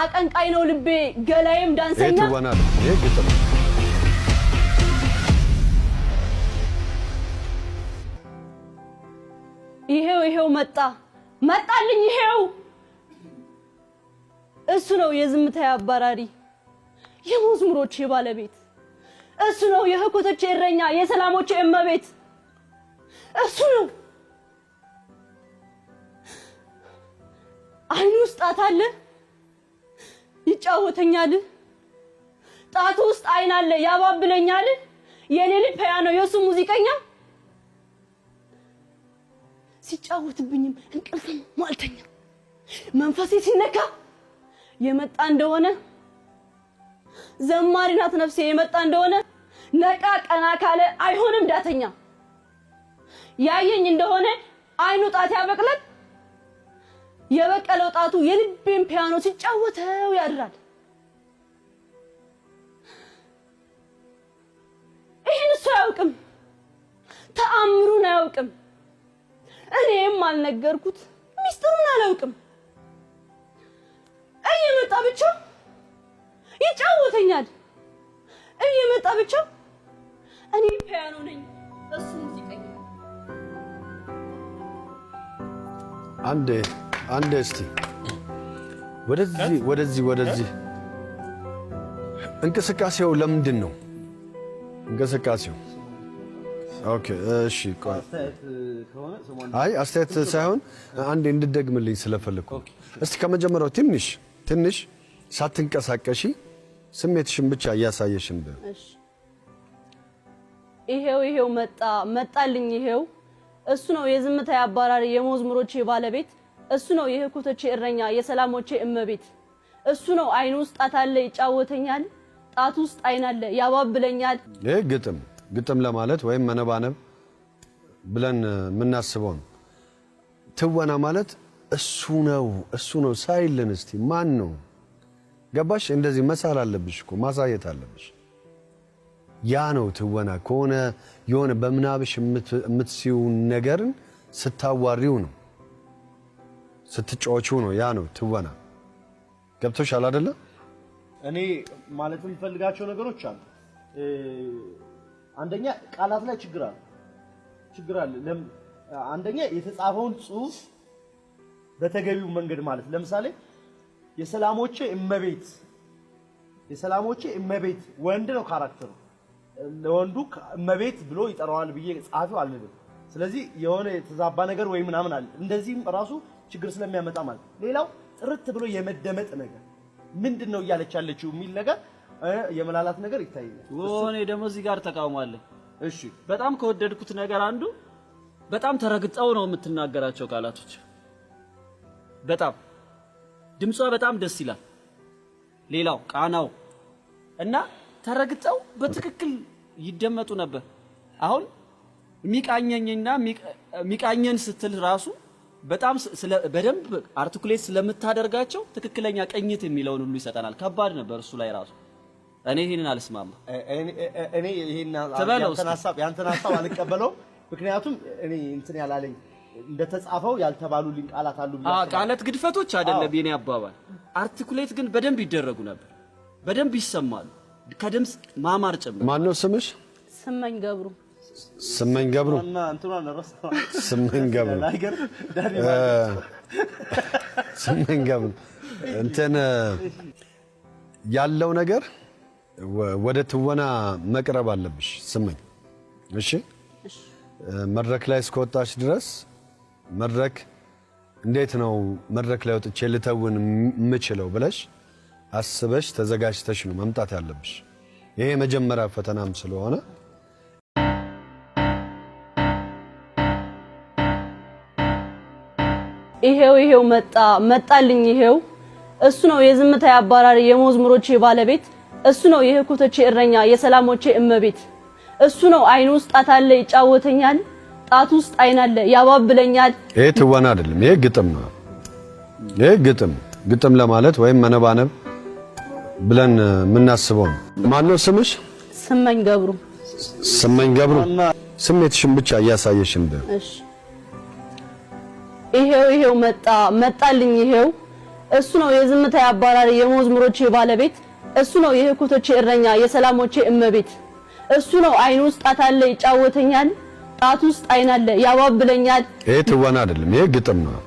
አቀንቃይ ነው ልቤ ገላዬም ዳንሰኛ ይሄው ይሄው መጣ መጣልኝ ይሄው እሱ ነው የዝምታ አባራሪ የመዝሙሮቼ የባለቤት እሱ ነው የህኮቶች እረኛ የሰላሞች እመቤት እሱ ነው አይኑ ውስጥ አለ ይጫወተኛል፣ ጣቱ ውስጥ አይን አለ፣ ያባብለኛል። የኔ ልጅ ፒያኖ የእሱ ሙዚቀኛ ሲጫወትብኝም እንቅልፍም ማልተኛ መንፈሴ ሲነካ የመጣ እንደሆነ ዘማሪ ናት ነፍሴ የመጣ እንደሆነ ነቃ ቀና ካለ አይሆንም ዳተኛ ያየኝ እንደሆነ አይኑ ጣት ያበቅለት የበቀለ ወጣቱ የልቤን ፒያኖ ሲጫወተው ያድራል። ይህን እሱ አያውቅም፣ ተአምሩን አያውቅም፣ እኔም አልነገርኩት፣ ሚስጥሩን አላውቅም። እየመጣ ብቻ ይጫወተኛል። እየመጣ ብቻ እኔ ፒያኖ ነኝ እሱ ሙዚቀኛ አንዴ አንድ እስቲ ወደዚህ ወደዚህ ወደዚህ እንቅስቃሴው ለምንድን ነው እንቅስቃሴው? ኦኬ እሺ። አይ አስተያየት ሳይሆን አንድ እንድደግምልኝ ስለፈለኩ እስቲ ከመጀመሪያው ትንሽ ትንሽ ሳትንቀሳቀሺ ስሜትሽን ብቻ እያሳየሽን በ ይሄው ይሄው መጣ መጣልኝ። ይሄው እሱ ነው የዝምታ አባራሪ የሞዝሙሮች ባለቤት እሱ ነው የህኩቶቼ እረኛ የሰላሞቼ እመቤት። እሱ ነው አይን ውስጥ ጣት አለ ይጫወተኛል፣ ጣት ውስጥ አይን አለ ያባብለኛል። ይህ ግጥም ግጥም ለማለት ወይም መነባነብ ብለን የምናስበው ነው። ትወና ማለት እሱ ነው እሱ ነው ሳይልን እስቲ ማን ነው ገባሽ? እንደዚህ መሳል አለብሽ እኮ ማሳየት አለብሽ። ያ ነው ትወና። ከሆነ የሆነ በምናብሽ የምትስዩን ነገርን ስታዋሪው ነው ስትጫወቹ ነው። ያ ነው ትወና። ገብቶሻል አይደለ? እኔ ማለት የምፈልጋቸው ነገሮች አሉ። አንደኛ ቃላት ላይ ችግር አለ ችግር አለ። አንደኛ የተጻፈውን ጽሑፍ በተገቢው መንገድ ማለት ለምሳሌ የሰላሞቼ እመቤት የሰላሞቼ እመቤት ወንድ ነው ካራክተሩ። ለወንዱ እመቤት ብሎ ይጠራዋል ብዬ ጻፊው አልልም። ስለዚህ የሆነ የተዛባ ነገር ወይ ምናምን አለ። እንደዚህም ራሱ ችግር ስለሚያመጣ ማለት ነው። ሌላው ጥርት ብሎ የመደመጥ ነገር ምንድን ነው እያለች ያለችው የሚል ነገር የመላላት ነገር ይታየኛል። እኔ ደግሞ እዚህ ጋር ተቃውሟለኝ። እሺ በጣም ከወደድኩት ነገር አንዱ በጣም ተረግጠው ነው የምትናገራቸው ቃላቶች። በጣም ድምጿ በጣም ደስ ይላል። ሌላው ቃናው እና ተረግጠው በትክክል ይደመጡ ነበር። አሁን ሚቃኘኝና ሚቃኘን ስትል ራሱ በጣም በደንብ አርቲኩሌት ስለምታደርጋቸው ትክክለኛ ቅኝት የሚለውን ሁሉ ይሰጠናል። ከባድ ነበር እሱ ላይ ራሱ። እኔ ይህንን አልስማማ እኔ ይሄን ያንተን ሀሳብ አልቀበለውም። ምክንያቱም እኔ እንትን ያላለኝ እንደተጻፈው ያልተባሉልኝ ቃላት አሉ። ቃላት ግድፈቶች አይደለም የኔ አባባል። አርቲኩሌት ግን በደንብ ይደረጉ ነበር፣ በደንብ ይሰማሉ፣ ከድምፅ ማማር ጭምር። ማነው ስምሽ? ስመኝ ገብሩ ስመኝ ገብሩ ስመኝ ገብሩ ስመኝ ገብሩ እንትን ያለው ነገር ወደ ትወና መቅረብ አለብሽ ስመኝ። እሺ መድረክ ላይ እስከወጣች ድረስ መድረክ እንዴት ነው መድረክ ላይ ወጥቼ ልተውን የምችለው ብለሽ አስበሽ ተዘጋጅተሽ ነው መምጣት ያለብሽ። ይሄ መጀመሪያ ፈተናም ስለሆነ ይሄው ይሄው መጣ መጣልኝ ይሄው እሱ ነው የዝምታ አባራሪ የመዝሙሮቼ ባለቤት እሱ ነው የህኩቶቼ እረኛ የሰላሞቼ እመቤት እሱ ነው አይኑ ውስጥ ጣት አለ ይጫወተኛል ጣት ውስጥ አይን አለ ያባብለኛል። ይሄ ትወና አይደለም፣ ይሄ ግጥም ነው። ይሄ ግጥም ግጥም ለማለት ወይም መነባነብ ብለን የምናስበው ነው። ማነው ስምሽ? ስመኝ ገብሩ። ስመኝ ገብሩ ስሜትሽን ብቻ እያሳየሽን እሺ ይሄው ይሄው መጣ መጣልኝ ይሄው እሱ ነው የዝምታ አባራሪ የመዝሙሮቼ ባለቤት እሱ ነው የህኩቶቼ እረኛ የሰላሞቼ እመቤት እሱ ነው አይኑ ውስጥ ጣት አለ ይጫወተኛል ጣት ውስጥ አይን አለ ያባብለኛል ይሄ ትወና አይደለም ይሄ ግጥም ነው